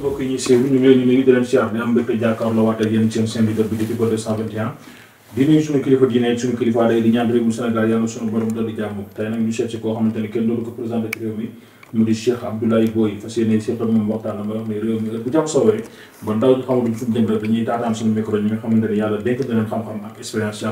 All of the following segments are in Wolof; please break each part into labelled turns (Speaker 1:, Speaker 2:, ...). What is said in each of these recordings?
Speaker 1: mbokk yi ñuy suivre ñu ngi leen di nuyu di leen siyaar di am mbégte jàkkaarloo waat ak yéen seen seen leader bi di People 221 di nuyu suñu kilifa diine suñu kilifa aada di ñaan réew mu Sénégal yàlla suñu borom dolli jàmm tey nag ñu seet si koo xamante kenn doolu ko présenté ci réew mi mu di Cheikh Abdoulaye Boye fas yéene Cheikh ak moom waxtaan la may wax ne réew mi bu yàlla dénk na xam-xam expérience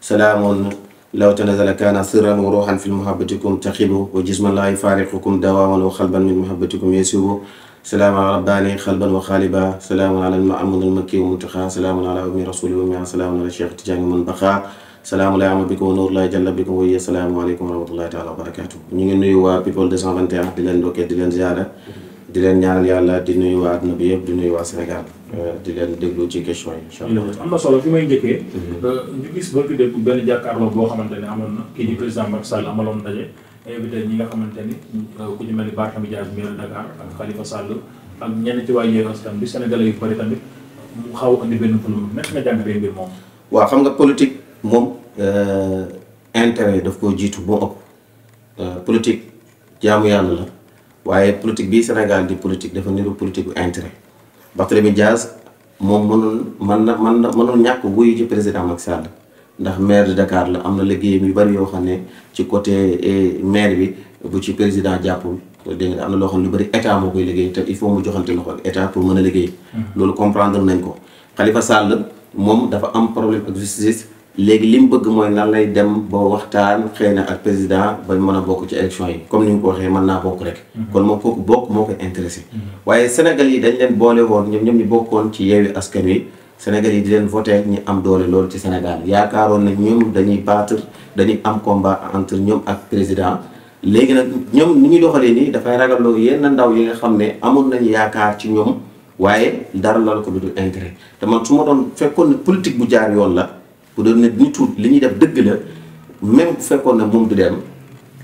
Speaker 2: ci bi dañ law tanazala kaana sirran wa ruuxan fi muhabbatikum taxibu wa jisman laa yufaariqukum dawaaman wa xalban min muhabbatikum yesubu salaamun rabbaani xalban wa xaaliba salaamun ala maamun almakki wa muntaxa salaamun ala ummi rasuli wa mia salaamun ala cheikh tijaani mun baxa salaamun laa ama bikum wa nuur laa jalla bikum wa yee salaamu aleykum wa rahmatullahi taala wa barakatu ñu ngi nuyu waa people 221 di leen ndokkee di leen ziara di leen ñaanal yàlla di nuyu waa adduna bi yëpp di nuyu waa Sénégal Euh, di leen déglu ci question yi incha am
Speaker 1: na solo fi may njëkkee. Mhm. Euh, ñu gis ba dégg benn jàkkaarloo boo xamante ne amoon na kii di président Macky Sall amaloon ndaje invité ñi nga xamante ni euh, ku ñu mel ni baax Dias maire Dakar ak Khalifa Sall ak ñenn ci waa Yewwi Askan Wi Sénégalais yu bëri tamit xaw andi benn polémique nekk nga moom.
Speaker 2: waaw xam nga politique moom intérêt daf koo jiitu boo ëpp politique jaamu yàlla la waaye politique bii Sénégal di politique dafa niru politique bu intérêt. Barthélémy Diaz moom mënul man na man na mënul ñàkk guy président Macky Sall ndax mair de Dakar la am na liggéeyam yu bari yoo xam ne ci côté eh, mair bi bu ci président jàppul dégg de am na loo xam lu bari état moo koy liggéey te il faut mu joxante loxo ak état pour mën a liggéey. Mm-hmm. loolu comprendre nañ ko Khalifa Sall moom dafa am problème ak justice. léegi li mu bëgg mooy lan lay dem ba waxtaan xëy na ak président ba mën a bokk ci élection yi comme ni ñu ko waxee mën naa bokk rek. Mm-hmm. kon moom kooku bokk moo ko intéressé. Mm-hmm. waaye Sénégal yi dañ leen boole woon ñoom ñoom ñu bokkoon ci yeewi askan wi Sénégal yi di leen voté ñi am doole loolu ci Sénégal yaakaaroon na ñoom dañuy battre dañuy am combat entre ñoom ak président. léegi nag ñoom ni ñuy doxalee nii dafay ragaloo yenn ndaw yi nga xam ne amoon nañu yaakaar ci ñoom waaye dara lal ko du dul intérêt te ma doon fekkoon ne politique bu jaar la. bu doon ne ñu tuut li ñuy def dëgg la même bu fekkoon ne moom du dem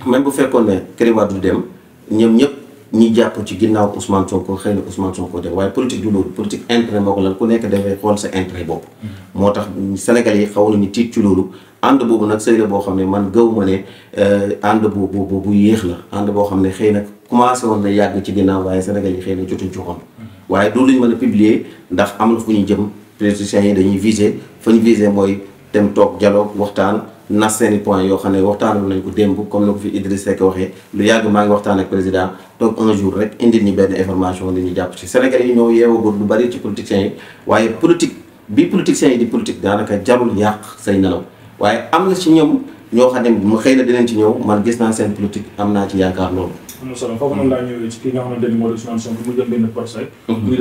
Speaker 2: même bu fekkoon ne Karim Wade du dem ñoom ñëpp ñi jàpp ci ginnaaw Ousmane Sonko xëy na Ousmane ko dem waaye politique du loolu politique intérêt moo ko lan ku nekk dafay xool sa intérêt bopp. Mm-hmm. moo tax Sénégal yi xaw na nañu tiit ci loolu ànd boobu nag sëy boo xam ne man gaw ma ne euh, ànd boobu boobu yéex la ànd boo xam ne xëy na commencé woon na yàgg ci ginnaaw waaye Sénégal yi xëy na jotuñ ci xool mm-hmm. waaye du luñ mën a publier fu ñu jëm politiciens yi dañuy viser fa ñu viser mooy. dem toog dialogue waxtaan nas seeni point yoo xam ne waxtaanoon nañ ko démb comme ni ko fi Idriss Seck waxee lu yàgg maa ngi waxtaan ak président toog un rek indil ñi benn information li ñu jàpp ci Sénégalais yi ñoo yeewagul lu bari ci politiciens yi waaye politique bi politiciens yi di politique daanaka jarul yàq say nelaw waaye am na ci ñëw ñoo xam ne xëy na dinañ ci ñëw man gis naa seen politique am naa ci yaakaar loolu
Speaker 1: am na solo foofu noonu laa ñëwee ci kii nga xamante ni moo di Ousmane Sonko mu jëm benn procès. Sonko euh,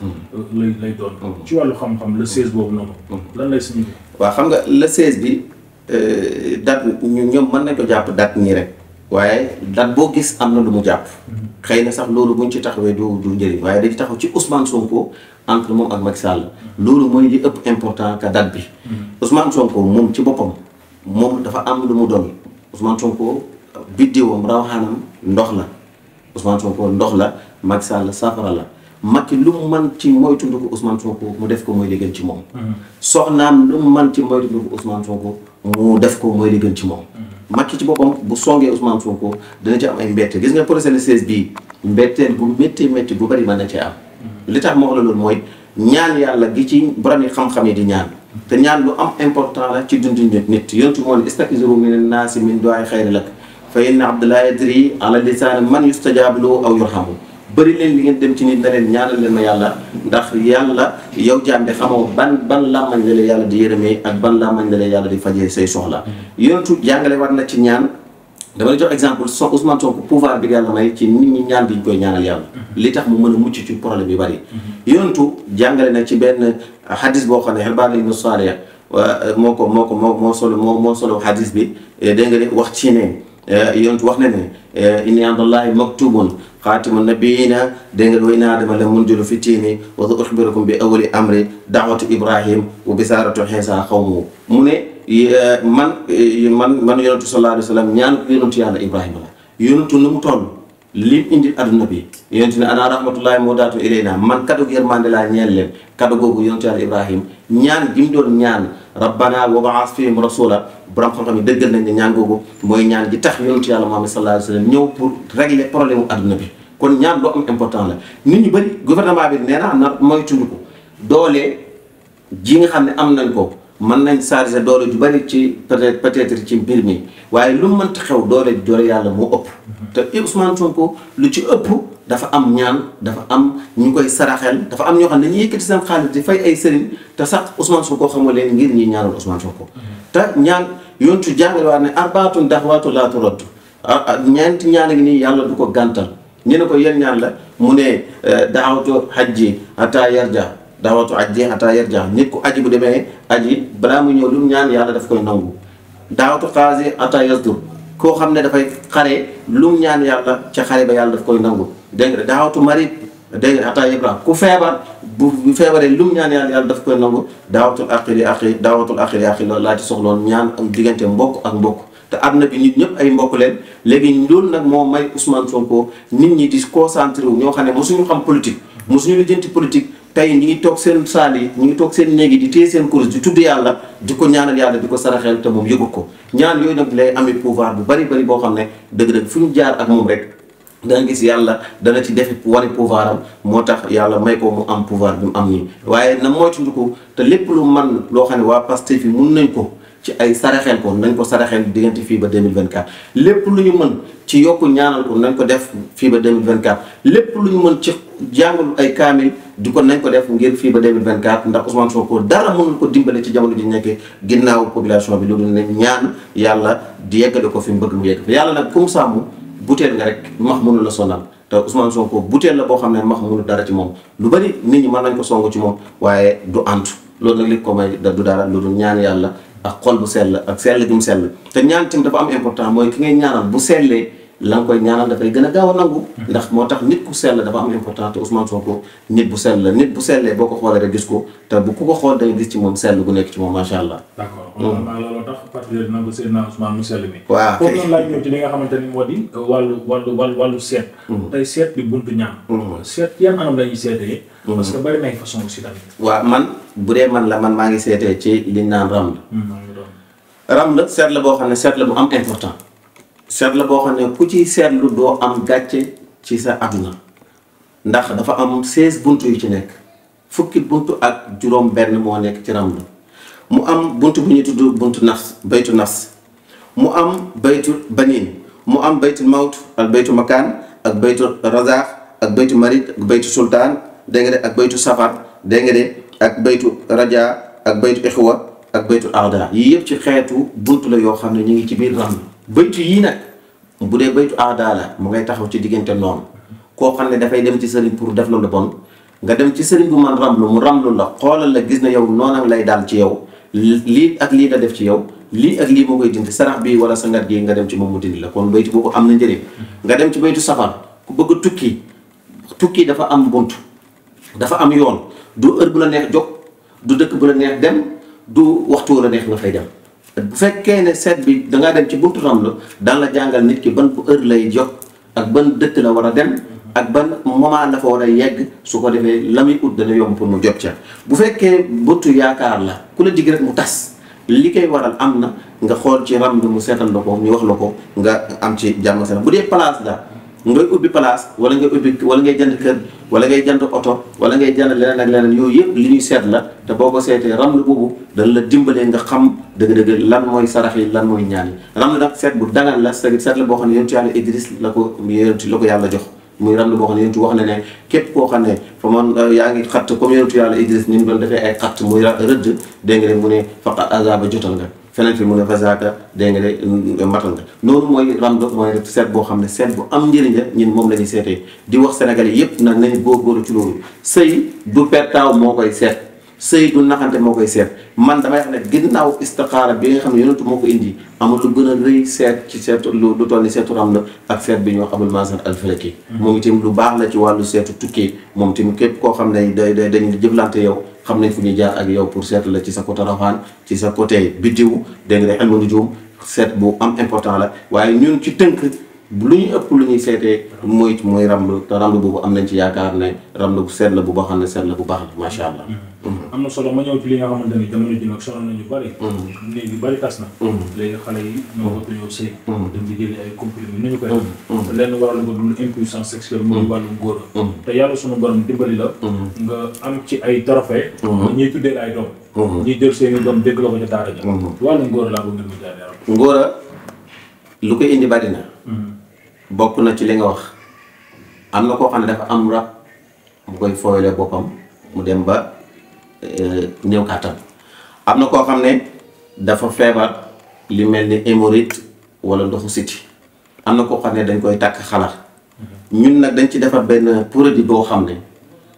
Speaker 1: mm-hmm. xam-xam le 16 boobu noonu. Mm-hmm. lan lay signifié.
Speaker 2: waaw xam nga le 16 bi euh, date ñu ñoom mën nañu ko jàpp date nii rek waaye date boo gis am na lu mu jàpp. Mm-hmm. xëy na sax loolu buñ ci taxawee du du njëriñ waaye dañu taxaw ci Ousmane Sonko entre moom ak Macky Sall. loolu mooy li ëpp important que date bi. Ousmane Sonko moom ci boppam moom dafa am lu mu doon. Ousmane Sonko biddiwam rawaxaanam ndox la Ousmane Sonko ndox la Macky Sall safara la ki lu mu man ci moytundu ko Ousmane mu def ko mooy li gën ci moom. soxnaam lu mu man ci moytundu ko Ousmane Sonko mu def ko mooy li gën ci moom. Mm. Mm. Macky ci boppam bu songee Ousmane Sonko dina ci am ay mbette gis nga procès de seize bii mbetteel bu métti métti bu bari mën na cee am. Mm. li tax ma la loolu mooy ñaan yàlla gi ci borom xam-xam yi di ñaan. te ñaan lu am important la ci dundu nit yontu moo ne istaqsiru mina naasi min du'aa xayri lak fa inna abdallah yadri ala lisaani man yustajaab lahu aw yurhamu bëri leen li ngeen dem ci nit na leen ñaanal leen ma yàlla ndax yàlla yow jaam bi xamoo ban ban làmmañ la yàlla di yërëmee ak ban la la yàlla di war na ci ñaan dama lay jox exemple so Ousmane Sonko pouvoir bi yàlla may ci nit ñi ñaan bi ñu koy ñaanal yàlla li tax mu mën a mucc ci problème yu mm-hmm. na ci xadis boo xam ne Hilbaan ibnu Saariya moo ko moo ko moo moo solo moo moo solo xadis bi eh, dégg nga de wax ci ne eh, yonent wax na ne eh, inni indallahi maktubun xaatimu nabiina dégg nga wa inna aadama la munjilu fi tiini wa sa uxbirukum bi awali amri daawatu ibrahim wa bisaaratu xiisa xawmu mu ne man man man yonentu sallallahu alayhi wa sallam ñaan yonentu yàlla ibrahima la yonentu nu mu toll lim indi adduna bi yonent ne ana rahmatullahi moo daatu ilayna man kaddu gu yërmande laa ñeel leen kaddu googu yonent yàlla ibrahim ñaan gi mu doon ñaan rabbana wa baas fihim rasula borom xam-xam yi dëggal nañ ne ñaan googu mooy ñaan gi tax yonent yàlla muhammad sallallahu alayhi wa sallam ñëw pour régler problème mu adduna bi kon ñaan loo am important la nit ñu bëri gouvernement bi nee xam na moytuñu ko doole ji nga xam ne am nañ ko man nañ chargé doole ju bari ci peut-être peut-être ci mbir mi waaye lu mënta xew doole doole yàlla moo ëpp. te Ousmane ko lu ci ëpp dafa am ñaan dafa am ñu koy saraxel dafa am ñoo xam ne dañuy yëkkati seen xaalis di fay ay sëriñ te sax Ousmane Sonko xamoo ngir ñi ñaanal Ousmane Sonko. te ñaan yontu jàngale waat ne arbaatun daxwaatu laa turaddu ñeenti ñaan ak nii yàlla du ko gàntal ñu ne ko yéen ñaan la mu ne eh, daawatu hajji hatta yarja daawatu ajji hatta yarja nit ku aji bu demee aji balaa mu ñëw lu mu ñaan yàlla daf koy nangu daawatu xaasi hatta yasdur koo xam ne dafay xare lu ñaan yàlla ca xare ba yàlla daf koy nangu dégg nga daawatu marid dégg nga hatta yabra ku feebar bu feebaree lu mu ñaan yàlla yàlla daf koy nangu daawatul aqili aqi daawatul aqili aqi laa ci soxloon ñaan ak diggante mbokk ak mbokk te na bi nit ñëpp ay mbokk leen léegi loolu nag moo may Ousmane Sonko nit ñi di concentré wu ñoo xam ne mosuñu xam politique mosuñu lijjanti politique tey ñu ngi toog seen saal yi ñu ngi toog seen néegi di téye seen course di tudd yàlla di ko ñaanal yàlla di ko saraxeel te moom yëgu ko ñaan yooyu nag lay amee pouvoir bu bari bari boo xam ne dëgg-dëgg fu ñu jaar ak moom rek danga gis yàlla dana ci def wari pouvoir am moo tax yàlla may ko am pouvoir bi am nii waaye na moytuñu ko te lépp lu man loo xam ne waa Pastef yi mun nañ ko ci ay saraxeel ko nañ ko saraxeel diggante fii ba 2024 lépp lu ñu mën ci yokku ñaanal ko nañ ko def fii ba 2024 lépp lu ñu mën ci jàngalu ay kaamil di ko nañ ko def ngir fii ba 2024 ndax Ousmane Sonko dara mënul ko dimbale ci jamono ji nekk ginnaaw population bi loolu ne ñaan yàlla di yeggale ko fi mu bëgg mu yegg yàlla nag comme sàmm butéel nga rek max mënul la sonal te Ousmane Sonko butéel la boo xam ne max mënul dara ci moom lu bari nit ñi mën nañ ko song ci moom waaye du antu loolu ko may da du dara loolu ñaan yàlla ak xol bu sell ak sell gi mu sell te ñaan tim dafa am important mooy ki ngay ñaanal bu sellee la nga koy ñaanal dafay gën a gaaw a nangu ndax moo tax nit ku sell dafa am important te Ousmane Sonko nit bu sell la nit bu boo ko xoolee rek ko te bu ko xool danga gis ci moom sell gu nekk ci moom macha allah d'accord hmm.
Speaker 1: loolu tax particulier nangu li nga xamante ni moo di wàllu wàllu wàllu wàllu seet hmm. tey seet bi buntu ñaan hmm. seet yan anam lañuy seetee parce que bari nay façon
Speaker 2: man bu dee man la man maa ngi seetee ci liñ naan ramd ramd seet la boo xam ne seet la bu am important seet la boo xam ne ku ci seetlu doo am gàcce ci sa àdduna ndax dafa am 16 bunt yu ci nekk fukki bunt ak juróom benn moo nekk ci ramlu mu am bunt bu ñuy tudd buntu nafs baytu nas mu am baytu banin mu am baytu mawt ak baytu makaan ak baytu razaax ak baytu marid ak baytu sultaan dégg ak baytu safar dégg ak baytu raja ak baytu ixwa ak baytu aada yii yëpp ci xeetu bunt la yoo xam ne ñu ngi ci biir ramlu baytu yii nag bu dee baytu aada la mu ngay taxaw ci diggante noonu koo xam ne dafay dem ci sëriñ pour def la lu bon nga dem ci sëriñ bu man ramlu mu lu la xoolal la gis na yow noonam lay daal ci yow lii ak lii la def ci yow lii ak lii moo koy dindi sarax bi wala sangat gi nga dem ci moom mu dindi la kon baytu boobu am na njëriñ nga dem ci baytu safar ku bëgg tukki tukki dafa am bunt dafa am yoon du heure bu la neex jóg du dëkk bu la neex dem du waxtu la neex nga fay dem bu fekkee ne seet bi dangaa dem ci buntu ramlu daan la jàngal nit ki ban bu heure lay jot ak ban dëkk la war a dem ak ban moment la fa war a yegg su ko defee la muy ut dana yomb pour mu jot ca bu fekkee bëtu yaakaar la ku la jig rek mu tas li koy waral am na nga xool ci ramlu mu seetal la ko ñu wax la ko nga am ci jàmm seen bu dee place la ngay ubbi place wala ngay ubbi wala ngay jënd kër wala ngay jënd oto wala ngay jënd leneen ak leneen yooyu yëpp li ñuy seet la te boo ko seetee ramlu boobu dana la dimbalee nga xam dëgg-dëgg lan mooy sarax yi lan mooy ñaan yi ramlu seet bu dagan la seet la boo xam ne yonentu yàlla Idris la ko yonentu la ko yàlla jox muy ramlu boo xam ne yonentu wax na ne képp koo xam ne fa moon euh, yaa ngi xatt comme yonentu yàlla Idris ni mu doon defee ay xatt muy rëdd dégg nga mu ne faqat azaba jotal nga feneen fi mun a fasaaka dégg nga de matan ka loolu mooy ramdo mooy seet boo xam ne seet bu am njëriñ la ñun moom la ñuy seetee di wax sénégalais yépp nag nañ góorgóorlu ci loolu sëy du pertaaw moo koy seet sëy du naxante moo koy seet man damay wax ne ginnaaw istixaara bi nga xam ne yonentu moo ko indi amul lu gën a rëy seet ci seetu lu lu toll ni seetu ram la ak seet bi ñoo xamul masan alfalaki mm-hmm. moom itam lu baax la ci wàllu seetu tukki moom tamit képp koo xam ne day day dañu jëflante yow xam nañ fu ñu jaar ak yow pour seet la ci sa côté rawaan ci sa côté biddiw dégg nga day almandu juum seet bu am important la waaye ñun ci tënk lu ñu ëpp lu ñuy seetee mooy mooy ramb te ramb am nañ ci yaakaar ne ramb bu seet la bu baax xam ne seet la bu baax la macha allah. Mm-hmm. Mm-hmm.
Speaker 1: am na solo ma ñëw ci li nga xamante ni jamono ji nag mm-hmm. yi ñoo ko dañoo sëy. ay comprimés ni ñu koy def. lenn wàllu ko dul impuissance sexuelle wàllu góor. te yàlla sunu borom dimbali la. nga am ci ay trophée. ñuy tuddee ay doom. ñuy jël seen i doom dégg la ko ca daara ja.
Speaker 2: wàllu ngóor laa bëgg nga ñu jaay ngóora lu koy indi bari na bokk na ci li nga wax am na koo xam ne dafa am rab mu koy fooyle boppam mu dem ba eh, néew kàttan am na koo xam ne dafa feebar li mel ni hémorroïde wala ndoxu siti am na koo xam ne dañ koy takk xalaat ñun nag dañ ci defar benn produit boo xam ne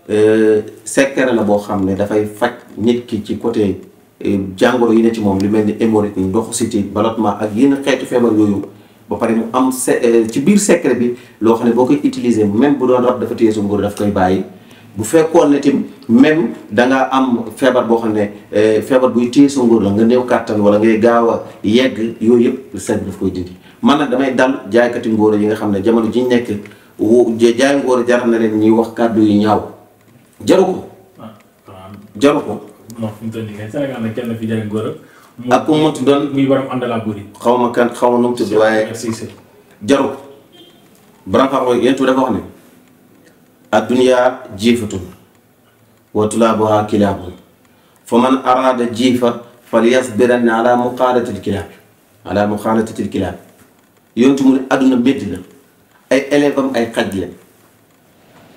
Speaker 2: eh, secret na boo xam ne dafay faj nit ki ci côté eh, jàngoro yi ne ci moom li mel ni hémorroïde ndoxu siti ballottement ak yenn xeetu feebar yooyu ba pare mu am eh, ci biir secret bi loo xam ne boo koy utiliser même bu doon rab dafa téye sa nguur daf koy bàyyi bu fekkoon na tamit même da am feebar boo xam ne eh, feebar buy téye sa nguur la nga néew kàttan wala ngay gaaw a yegg yooyu yëpp sedd daf koy dindi man nag damay dal jaaykati ngóor yi nga xam ne jamono ji nekk jaay ngóor jaral na leen ñuy wax kàddu yu ñaaw jaru ko ah, jaru ko. non fi ak ku mu mënti doon xaw ma kan xaw ma nu mu tudd waaye jaru branqaa koy yentu dafa wax ne ad dunya jiifatun wa tulaabuha fa man araada jiifa falyasbiranna ala muqaalatil kilaab ala muqaalatil kilaab yontu mu ne àdduna métti la ay élève ay xaj la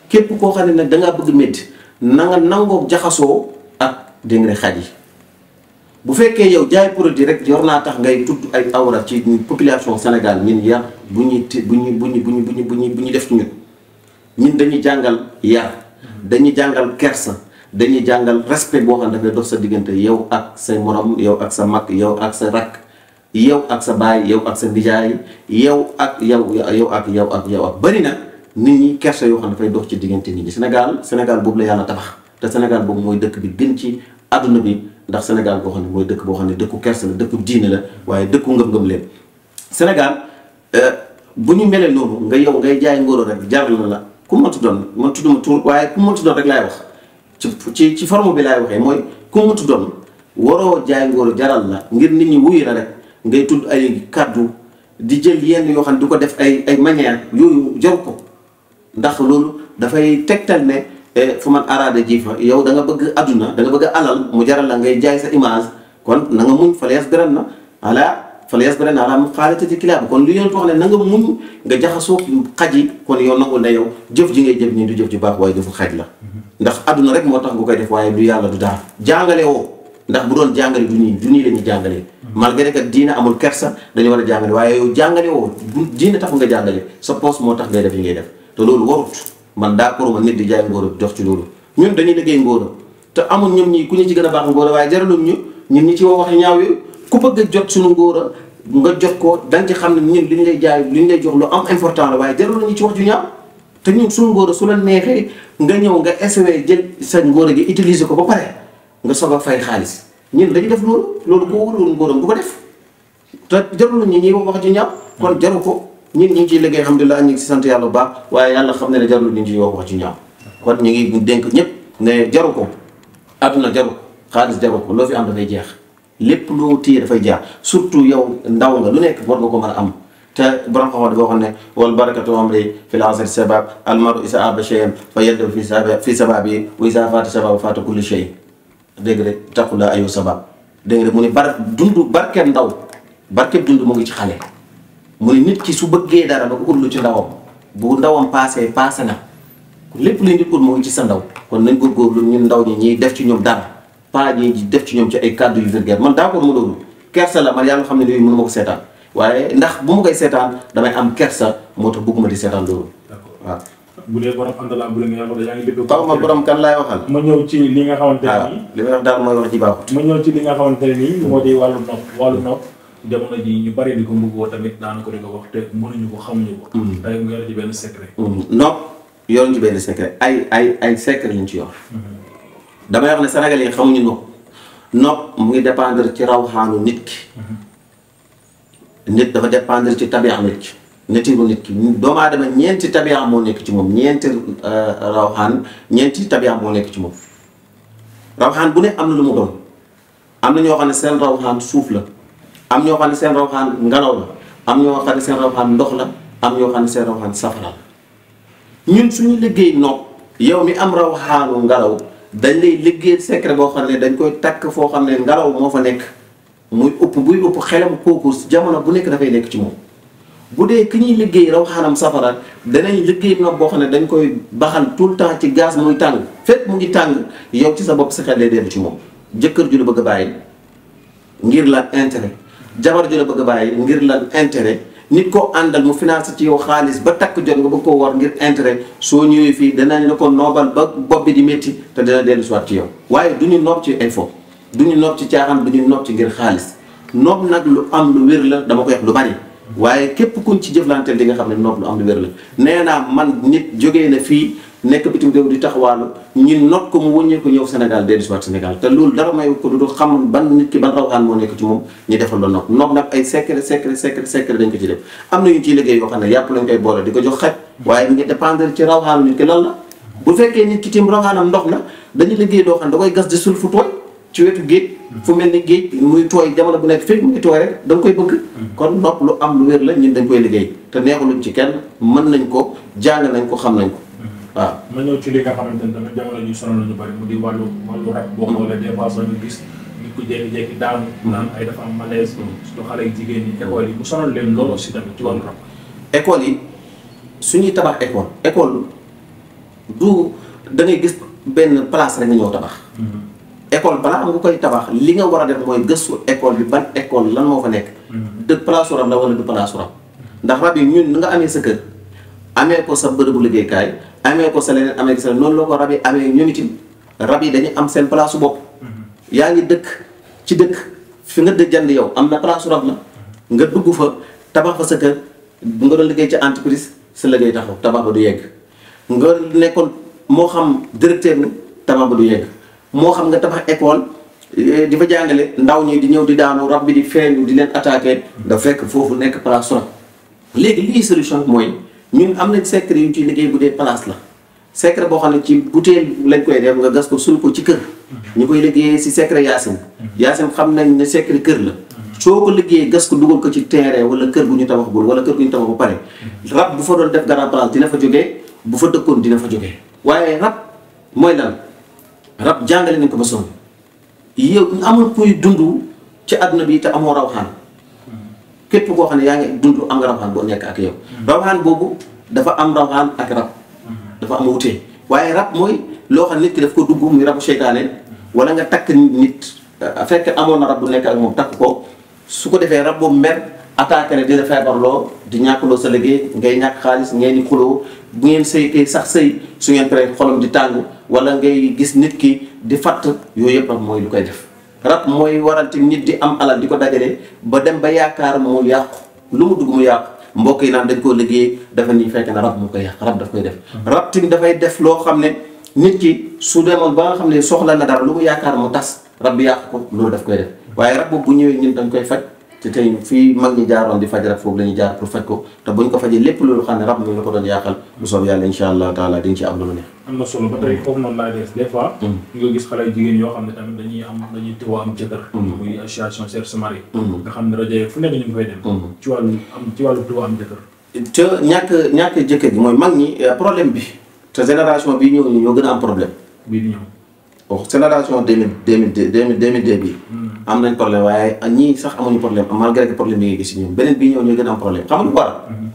Speaker 2: képp koo xam ne nag dangaa bëgg métti na nangoo jaxasoo ak dégg xaj yi bu fekkee yow jaay produit rek yor naa tax ngay tudd ay awra ci population Sénégal ñun yar bu ñuy bu ñuy bu ñuy bu ñuy bu ñuy bu ñuy def ci ñun ñun dañuy jàngal yar dañuy jàngal kersa dañuy jàngal respect boo xam ne dafay dox sa diggante yow ak say morom yow ak sa mag yow ak sa rakk yow ak sa baay yow ak sa nijaay yow ak yow yow ak yow ak yow ak bëri na nit ñi kersa yoo xam ne dafay dox ci diggante nit ñi Sénégal Sénégal boobu la yàlla tabax te Sénégal boobu mooy dëkk bi gën ci àdduna bi. ndax Sénégal boo xam ne mooy dëkk boo xam ne dëkku kerse la dëkku diine la waaye dëkku ngëm-ngëm leen Sénégal euh, bu ñu melee noonu nga yow ngay jaay ngóoro rek jaral na la ku mënti doon ma tudduma tur waaye ku mënti doon rek laay wax ci ci bi laay waxee mooy ku mënti doon waroo jaay ngóoro jaral na ngir nit ñi wuyu la rek ngay tudd ay kàddu di jël yenn yoo xam ne di ko def ay ay manière yooyu jaru ko ndax loolu dafay tegtal ne fu man araada ji fa yow da nga bëgg adduna da bëgg alal mu jaral la ngay jaay sa image kon na nga muñ fala yasbiran na ala fala yasbiran na ala muxaalatati kilaab kon li yonent wax ne na nga muñ nga jaxasoo xaj yi kon yow nangul ne yow jëf ji ngay jëf nii du jëf ju baax waaye jëfu xaj la ndax adduna rek moo tax nga koy def waaye du yàlla du dara jàngale woo ndax bu doon jàngale du nii du nii la ñuy jàngalee malgré que diina amul kersa dañu war a jàngale waaye yow jàngale woo diina taxu nga jàngale sa poos moo tax ngay def yi ngay def te loolu man daa ma nit di jaay ngóora jox ci loolu ñun dañuy liggéey ngóora te amul ñoom ñi ku ñu ci gën a baax ngóora waaye jaraloon ñu ñun ñi ci wax ñaaw yooyu ku bëgg a jot suñu ngóora nga jot ko dañ ci xam ne ñun li ñu lay jaay li ñu lay jox lu am important la waaye jaraloon ñu ci wax ju ñaaw te ñun suñu ngóora su la neexee nga ñëw nga essayé jël sa ngóora gi utiliser ko ba pare nga soog a fay xaalis ñun dañuy def loolu loolu ko wóorul ngóoram bu ko def te jaraloon ñu ñuy wax ju ñaaw kon jaru ko ñun ñu ngi ciy liggéey alhamdulilah ñu ngi si sant yàlla bu baax waaye yàlla xam ne ne jarul ñu ciy wax wax ci ñaaw kon ñu ngi dénk ñëpp ne jaru ko àdduna jaru xaalis jaru ko loo fi am dafay jeex lépp loo téye dafay jaar surtout yow ndaw nga lu nekk war nga ko mën am te borom xam-xam dafa ne wal barakatu amri fi lasri sabab al maru isa aba cheyan fa yeddu fi sabab fi sabab yi wa isa faata sabab faata kulli chey dégg nga taqula ayu sabab dégg nga mu ne bar dund barke ndaw barke dund mu ngi ci xale mooy nit ki su bëggee dara ba ut lu ci ndawam bu ndawam paasee paase na lépp lu nit ut moo ngi ci sa ndaw kon nañ góorgóorlu ñun ndaw ñi ñuy def ci ñoom dara pas ñi def ci ñoom ci ay kàddu yu vulgaire man d'accord mu doon kersa la man yàlla xam ne yooyu mënu ma ko seetaan waaye ndax bu koy seetaan damay am kersa moo tax bëgguma di seetaan loolu waaw. bu dee borom àndala bu la nga wax yaa ngi dégg. taw ma borom kan laay
Speaker 1: nga xamante ne nii. li may wax daal mooy wax ji baaxut. li nga xamante ne nii moo di wàllu nopp wàllu nopp jamono ji ñu bari di ko mbubboo tamit daanaka di ko wax te mënuñu ko xamuñu ko.
Speaker 2: tey nga yor ci benn mm-hmm. benn secret ay ay ay secret lañ ci yor.
Speaker 3: Mm-hmm.
Speaker 2: damay wax ne Sénégal yi xamuñu nopp nopp mu ngi dépendre ci raw nit ki. Mm-hmm. nit dafa dépendre ci tabiya nit ki. natiiru nit ki doomu aadama ñeenti tabiya moo nekk ci moom ñeenti euh, raw xaan ñeenti tabiya moo nekk ci moom. raw bu ne am na lu mu doon am na ñoo xam ne seen raw suuf la. am ñoo xam ne seen rawxaan ngelaw la am ñoo xam ne seen rawxaan ndox la am ñoo xam ne seen rawxaan safara la ñun suñu liggéey nopp yow mi am rawxaanu ngalaw dañ lay liggéey secret boo xam ne dañ koy takk foo xam ne ngelaw moo fa nekk muy upp buy upp xelam kooku jamono bu nekk dafay nekk ci moom bu dee ki ñuy liggéey rawxaanam safara danañ liggéey nopp boo xam ne dañ koy baxal tout le temps ci gaz muy tàng fépp mu ngi tàng yow ci sa bopp sa xel lay ci moom jëkkër ju lu bëgg a bàyyi ngir la intérêt jabar ju la bëgg a bàyyi ngir lan intérêt nit ko àndal mu financé ci yow xaalis ba takk jot nga bëgg koo war ngir intérêt soo ñëwee fii danañ ne ko noobal ba bopp bi di métti te dana dellu soit ci yow waaye du ñu noob ci info du ñu noob ci caaxaan du ñu noob ci ngir xaalis noob nag lu am lu wér la dama ko wax lu bari waaye képp kuñ ci jëflanteel di nga xam ne noob lu am lu wér la nee naa man nit jógee na fii nekk bitim réew di taxawaalu ñun not ko mu wëññee ko ñëw Sénégal dellu si waat Sénégal te loolu dara may ko du dul xam ban nit ki ban rawaan moo nekk ci moom ñu defal la nopp nopp nag ay secret secret secret secret dañ ko ci def am na ñu ciy yoo xam ne yàpp lañ koy boole ko jox xaj waaye mu ngi dépendre ci rawaan nit ki lan la bu fekkee nit ki tim rawaanam ndox la dañu liggéey doo xam da koy gas di sul fu tooy wetu géej fu mel ni géej muy tooy jamono bu nekk fekk mu ngi rek da koy bëgg kon lu am lu wér la ñun dañ koy liggéey te neexuluñ ci kenn mën nañ ko jàng nañ ko xam nañ ko waaw ah.
Speaker 1: ma ñëw ci li nga xamante ne tamit jamono ji sonal nañu bëri mu di wàllu wàllu rab boo xoolee des fois soo ñu gis nit ku jékki-jékki daanu hmm. naan ay dafa
Speaker 2: malaise hmm. surtout xale yu jigéen ñi école yi mu sonal leen loolu aussi tamit ci wàllu rab école yi suñuy tabax école école du da ngay gis benn place rek nga ñëw tabax hmm. école balaa nga koy tabax li nga war a def mooy gëstu école bi ban école lan moo fa nekk dë place rab la wala ndax rab yi ñun nga amee sa kër amee ko sa bërëbu liggéeykaay amee ko sa leneen amee ko sa leneen noonu la ko rab yi amee ñoom itam rab yi dañu am seen place su bopp. Mhm. yaa ngi dëkk ci dëkk fi nga dë jënd yow am na place su rab mhm. nga dugg fa tabax fa sa kër bu nga doon liggéey ci entreprise sa liggéey taxaw tabax ba du yegg nga nekkoon moo xam directeur ni tabax ba du yegg moo xam nga tabax école. Eh, di fa jàngale ndaw ñi di ñëw di daanu rab bi di feeñu di leen attaqué. da mhm. fekk foofu nekk place rab léegi lii solution mooy ñun am nañ secret yu ci liggéey bu dee place la secret boo xam ne ci butéel lañ koy def nga gas ko sul ko ci kër ñu koy liggéeyee si secret yaasin yaasin xam nañ ne secret kër la soo ko liggéeyee gas ko dugal ko ci terrain wala kër gu ñu tabaxagul wala kër gu ñu tabax ba pare rab bu fa doon def grand place dina fa jógee bu fa dëkkoon dina fa jógee waaye rab mooy lan rab jàngale nañ ko ba sonn yow amul kuy dund ci àdduna bi te amoo raw xaan képp koo xam ne yaa ngi dund am nga rawxaan boo nekk ak yow. Mm. rawxaan boobu dafa am rawxaan ak rab. Mm. dafa am wutee waaye rab mooy loo xam nit ki daf ko dugg muy rabu seytaane wala nga takk nit euh, fekk amoon na rab bu nekk ak moom takk ko su ko defee rab boobu mer attaqué ne dina feebarloo di ñàkkloo sa liggéey ngay ñàkk xaalis ngeen di xuloo ngeen sëy sax sëy su ngeen paree di tàng wala ngay gis nit ki di fatt yooyu yëpp mooy lu koy def. rab mooy waral tamit nit di am alal di ko dajale ba dem ba yaakaar mu yàqu lu mu dugg mu yàqu mbokk yi naan dañ koo liggéey dafa nii fekk na rab mu koy yàq rab daf koy def. Hmm. rab tamit dafay def loo xam ne nit ki su demoon ba nga xam ne soxla na dara lu mu yaakaar mu tas rab bi yàq ko loolu daf koy def waaye rab boobu bu ñëwee ñun dañ koy faj. te tey fii mag ñi jaaroon di faj rab foofu lañuy jaar pour faj ko te bu buñ ko fajee lépp loolu xam ne rab mi la ko doon yaaxal bu soob yàlla incha allah taala di nga am lu mu
Speaker 1: mm. xam ne tamit dañuy am dañuy teewoo am jëkkër mm. mm. nga xam ne rajo fu nekk ñu ngi fay dem ci wàllu am ci wàllu teewoo am jëkkër
Speaker 2: te ñàkk ñàkk jëkkër gi mooy mag ñi euh, problème bi te génération bii ñëw ñu ñoo gën a am problème bii di ñëw oh, génération 2000 2000 2002 bi am nañ problème waaye ñii sax amuñu problème malgré que problème bi ngay gis ñoom beneen bi ñoo ñooy gën a am problème xam nga lu mhm.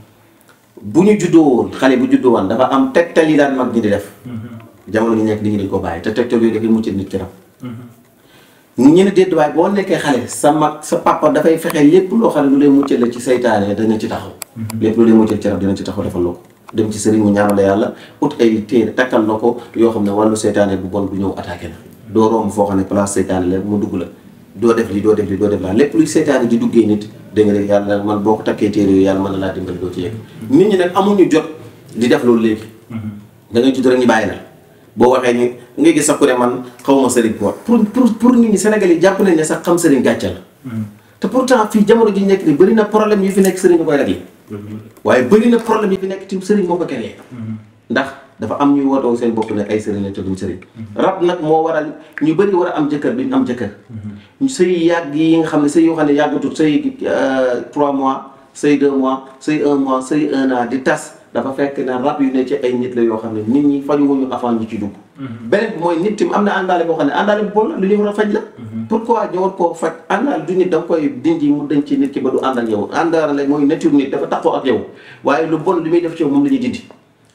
Speaker 2: bu ñu juddoo woon xale bu juddoo waan dafa am tegtal yi daan mag ñi di def mhm. jamono gi nekk di ñi dañ ko bàyyi te tegtal yooyu dafay mucc nit ki rab
Speaker 3: mhm.
Speaker 2: ñu ne déet waaye boo nekkee xale sa mag sa papa dafay fexe lépp loo xam ne lu lay muccal la ci saytaane dana ci taxaw lépp lu lay muccal ci ci taxaw defal loo ko dem ci sëriñ mu yàlla ut ay na ko yoo xam ne wàllu saytaane bu bon bu ñëw attaqué na doo romb foo xam ne place saytaane la mu dugg la doo def li doo def li doo def laa lépp luy seytaane di duggee nit da nga def yàlla man boo ko takkee téere yooyu yàlla mën na laa dimbali doo ci yegg nit ñi nag amuñu jot di def loolu léegi mhm. da ngay judd rek ñu bàyyi la boo waxee ni nga gis sax ku man xaw ma sëriñ pour pour pour nit ñi senegal yi jàpp nañ ne sax xam sëriñ gàcce la mhm. te pourtant fii jamono ji nekk ni bëri na problème yi fi nekk sëriñ ñu koy réglé waaye bëri na problème yi fi nekk tim sëriñ moo ko kenee mhm. ndax dafa am ñuy wootoo seen bopp ne ay sëriñ la sëriñ rab nag moo waral ñu bëri war a am jëkkër duñ am jëkkër mhm. sëy yàgg yi nga xam ne sëy yoo xam ne yàggatul sëy euh, trois mois mois sëy un mois an di tas dafa fekk ne rab yu ne ci ay nit la yoo xam ne nit ñi fajuwuñu avant ñu ci dugg mhm. beneen bi mooy nit tim am na àndaale boo xam ne àndaale bu bon la lu ñu war a faj la mhm. pourquoi ñu war koo faj àndaale du nit da koy dindi mu dañ nit ki ba du ànd ak yow àndaale mooy nature nit dafa taxoo ak yow lu bon li muy def ci yow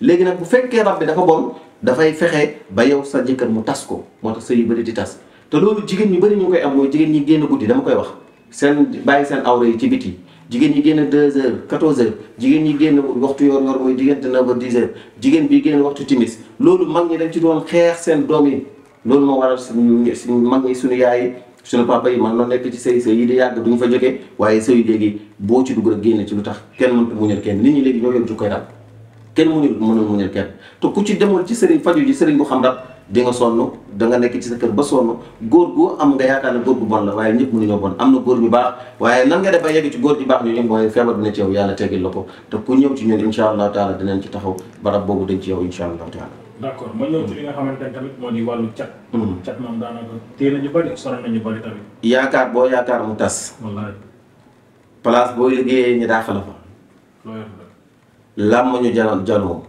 Speaker 2: léegi nag bu fekkee rab bi dafa bon dafay fexe ba yow sa jëkkër mu tas ko moo tax sëy yu bëri di tas te loolu jigéen ñi bëri ñu koy am mooy jigéen ñi génn guddi dama koy wax seen bàyyi seen awra yi ci biti jigéen ñi génn 2 heures 14 jigéen ñi génn waxtu yoor yoor mooy diggante te heures 10 heures jigéen bi génn waxtu timis loolu mag ñi dañ ci doon xeex seen doom yi loolu moo war a su mag ñi suñu yaay suñu papa yi man noonu nekk ci sëy sëy yi di yàgg duñu fa jógee waaye sëy boo ci ci lu tax kenn mënta muñal kenn ñi léegi ñoo yor du koy kenn mënul mënul muñal kenn te ku ci demoon ci sëriñ faju ji sëriñ bu xam rab di nga sonn da nga nekk ci sa kër ba sonn góor gu am nga yaakaar ne góor gu bon la waaye ñëpp mënuñoo bon am na góor bu baax waaye nan nga def ba yegg ci góor ju baax ñu ñoom mooy feebar bi ne ci yow yàlla teggil la ko te ku ñëw ci ñun insha allahu taala dinañ boobu dañ
Speaker 1: d' accord ma ñëw ci li nga xamante ne tamit moo di wàllu cat. Hmm. cat moom daanaka téye nañu bëri sore nañu bëri tamit.
Speaker 2: yaakaar boo yaakaar mu tas. wallaay. boo liggéeyee ñu daax la fa. làmmañu janoon janoom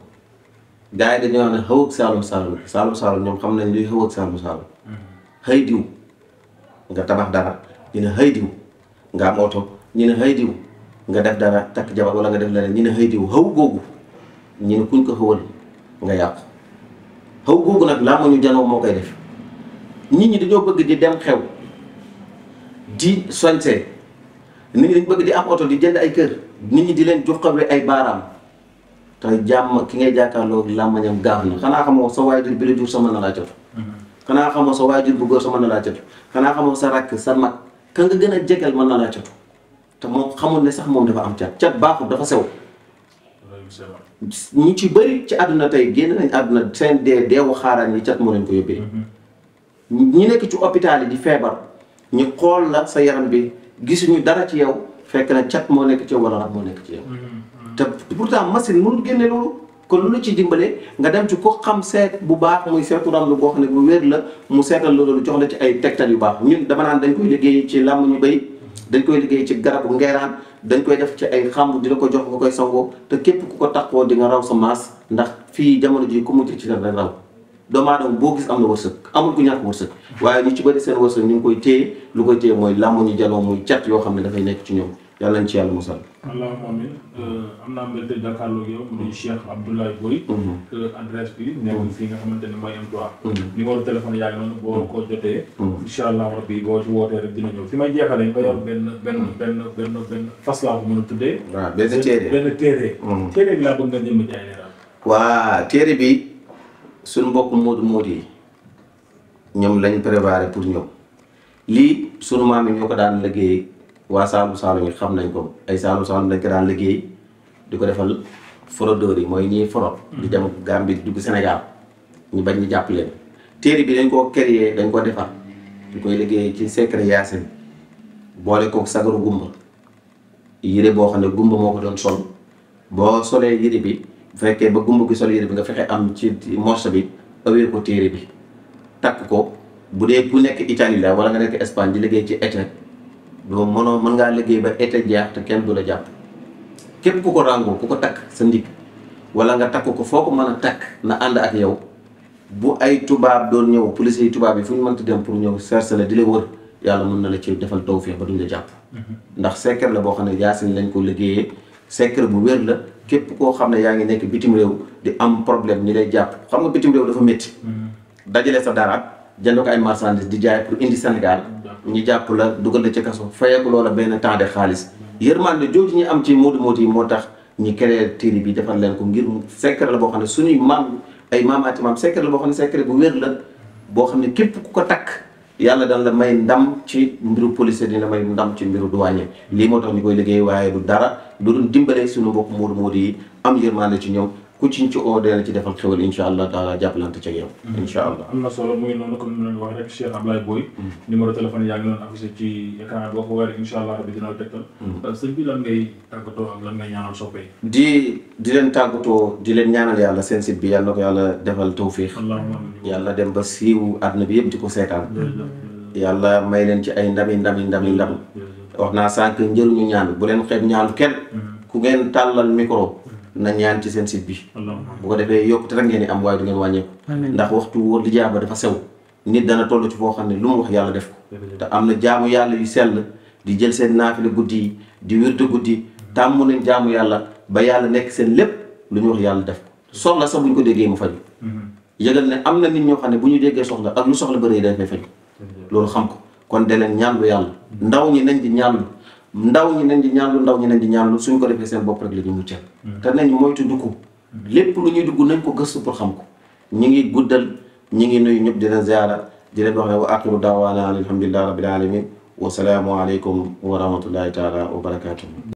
Speaker 2: gars yi dañoo ne xëw ak saalum saalum saalum saalum ñoom xam nañ luy xëw ak saalum saalum mm-hmm. xëy nga tabax dara dina ne xëy nga am oto ñu ne xëy diw nga def dara takk jabar wala nga def leneen ñu ne xëy diw xëw googu ñu ne kuñ ko xëwal nga yàqu xëw googu nag làmmañu janoom moo koy def nit ñi dañoo bëgg di dem xew di soñse nit ñi dañ bëgg di am oto di jënd ay kër nit ñi di leen jox xamle ay baaraam te jàmm ki ngay jàkkaarloo làmmañam gaaf na xanaa xamoo sa waajur bi la jur sa mën na laa jot mm-hmm. xanaa xamoo sa waajur bu góor na laa xanaa xamoo sa rakk sa mag ka nga gën a jegal mën na laa jot te moom xamul ne sax moom dafa am cat cat baaxul dafa sew ñu ci bëri ci àdduna tey génn nañ àdduna seen dee deewu xaaraan yi cat moo leen ko yóbbee mm-hmm. ñi nekk ci hôpital yi di feebar ñu xool la sa yaram bi gisuñu dara ci yow fekk na cat moo nekk ci yow wala rab moo nekk ci yow mm-hmm. te pourtant machine mun génne loolu kon lu ci dimbale nga dem ci ko xam seet bu baax muy seetu ramlu boo xam ne bu wér la mu seetal loolu jox la ci ay tegtal yu baax ñun dama naan dañ koy liggéey ci làmm ñu béy dañ koy liggéey ci garabu ngeeraan dañ koy def ci ay xamb di la ko jox nga koy sangoo te képp ku ko taxoo di nga raw sa ndax fii jamono ji ku mucc ci la rek raw doomu aadama boo gis am na wërsëg amul ku ñàkk wërsëg waaye ñu ci bëri seen wërsëg ñu ngi koy téye lu koy téye mooy làmm ñu jaloo muy cat yoo xam ne dafay nekk ci ñoom yàlla nañ ci yàlla musal. Euh,
Speaker 1: mhm. euh, mhm. mhm. ko jotee. incha allah rabbi boo ci fi may jeexalee nga benn a tuddee. waaw téere benn téere. bi laa bëgg nga jëm
Speaker 2: jaay leeral. waa téere bi suñu mbokk Modou Modou ñoom lañ préparé pour ñëw lii sunu maam ñoo ko daan liggéey. waa saalum saalum yi xam nañ ko ay saalum saalum dañ ko daan liggéey di ko defal forodóor yi mooy ñiy foro di dem Gambie di dugg Sénégal ñu bañ ñu jàpp leen téere bi dañ koo créé dañ ko defar ñu koy liggéeyee ci secret yaasin boole kook sagaru gumba yére boo xam ne gumba moo ko doon sol boo solee yére bi bu fekkee ba gumba gi sol yére bi nga fexe am ci morceau bi awee ko téere bi takk ko bu dee ku nekk Italie la wala nga nekk Espagne di liggéey ci été doo mënoo mën ngaa liggéey ba été jeex kenn du la jàpp képp ku ko ràngoo ku ko takk sa ndigg wala nga takk ko foo ko mën a takk na ànd ak yow bu ay tubaab doon ñëw police yi tubaab yi fu ñu mënta dem pour ñëw chercher la di la wër yàlla mun na la ci defal tawfeex ba duñ la jàpp mhm. ndax secret la boo xam ne yaasin lañ ko liggéeyee secret bu wér la képp koo xam ne yaa ngi nekk bitim réew di am problème ñi lay jàpp xam nga bitim réew dafa metti mhm. dajale sa dara jënd ko ay marchandises di jaay pour indi Sénégal ñu jàpp la dugal la ci kaso fayeeku loola benn temps de xaalis yërmande jooju ñu am ci moodu moodu yi moo tax ñi créé téere bi defal leen ko ngir secret la boo xam ne suñuy maam ay maam ati maam secret boo xam ne secret bu wér la boo xam ne képp ku ko takk yàlla dana la may ndam ci mbiru policier dina la may ndam ci mbiru douanier lii moo tax ñu koy liggéey waaye du dara lu dul dimbale suñu mbokk moodu moodu yi am la ci ñëw ku ci ci oo dee ci defal xewal incha allah taala jàppalante ca yow. Mm-hmm. incha allah am na solo mu ngi noonu
Speaker 1: comme ni ñu wax rek Cheikh Ablaye Boye. Mm-hmm. numéro téléphone yaa ngi doon affiché ci écran boo ko weer incha allah rabi dina la tegtal. Mm-hmm. Euh, sëñ bi lan ngay tàggatoo ak lan ngay ñaanal soppe yi.
Speaker 2: di di leen tàggatoo di leen ñaanal yàlla seen bi yàlla ko yàlla defal tawfiix. yàlla dem ba siiw àdduna bi di ko seetaan. yàlla may leen ci ay ndami ndami ndami ndam. wax naa sànq njëriñu ñaan bu leen xeeb ñaanu kenn ku ngeen tàllal micro na ñaan ci seen bi bu ko defee yokkute rek ngeen di am waaye du ngeen wàññeeku ndax waxtu wóor di jaaba dafa sew nit dana toll ci foo xam ne lu mu wax yàlla def ko te am na jaamu yàlla yu sell di jël seen naafile guddi yi di wirdu guddi tàmm nañ jaamu yàlla ba yàlla nekk seen lépp lu ñu wax yàlla def ko soxla sax bu ñu ko déggee mu faju mm-hmm. yëgal ne am na nit ñoo xam ne bu ñu déggee soxla ak lu soxla bëree dañ fay faju loolu xam ko kon de leen ñaanlu yàlla mm-hmm. ndaw ñi nañ di ñaanlu ndaw ñi nañ di ñaanlu ndaw ñi nañ di ñaanlu suñ ko defee seen bopp rek la ñu muccal mm-hmm. te nañ moytu dugg lépp lu ñuy dugg nañ ko gëstu pour xam ko ñu ngi guddal ñi ngi nuyu ñëpp di leen ziara di leen wax ne wa aqiru daawaana alhamdulillahi rabbil alamin wa salaamu aleykum wa rahmatullahi
Speaker 3: taala wa barakaatuhu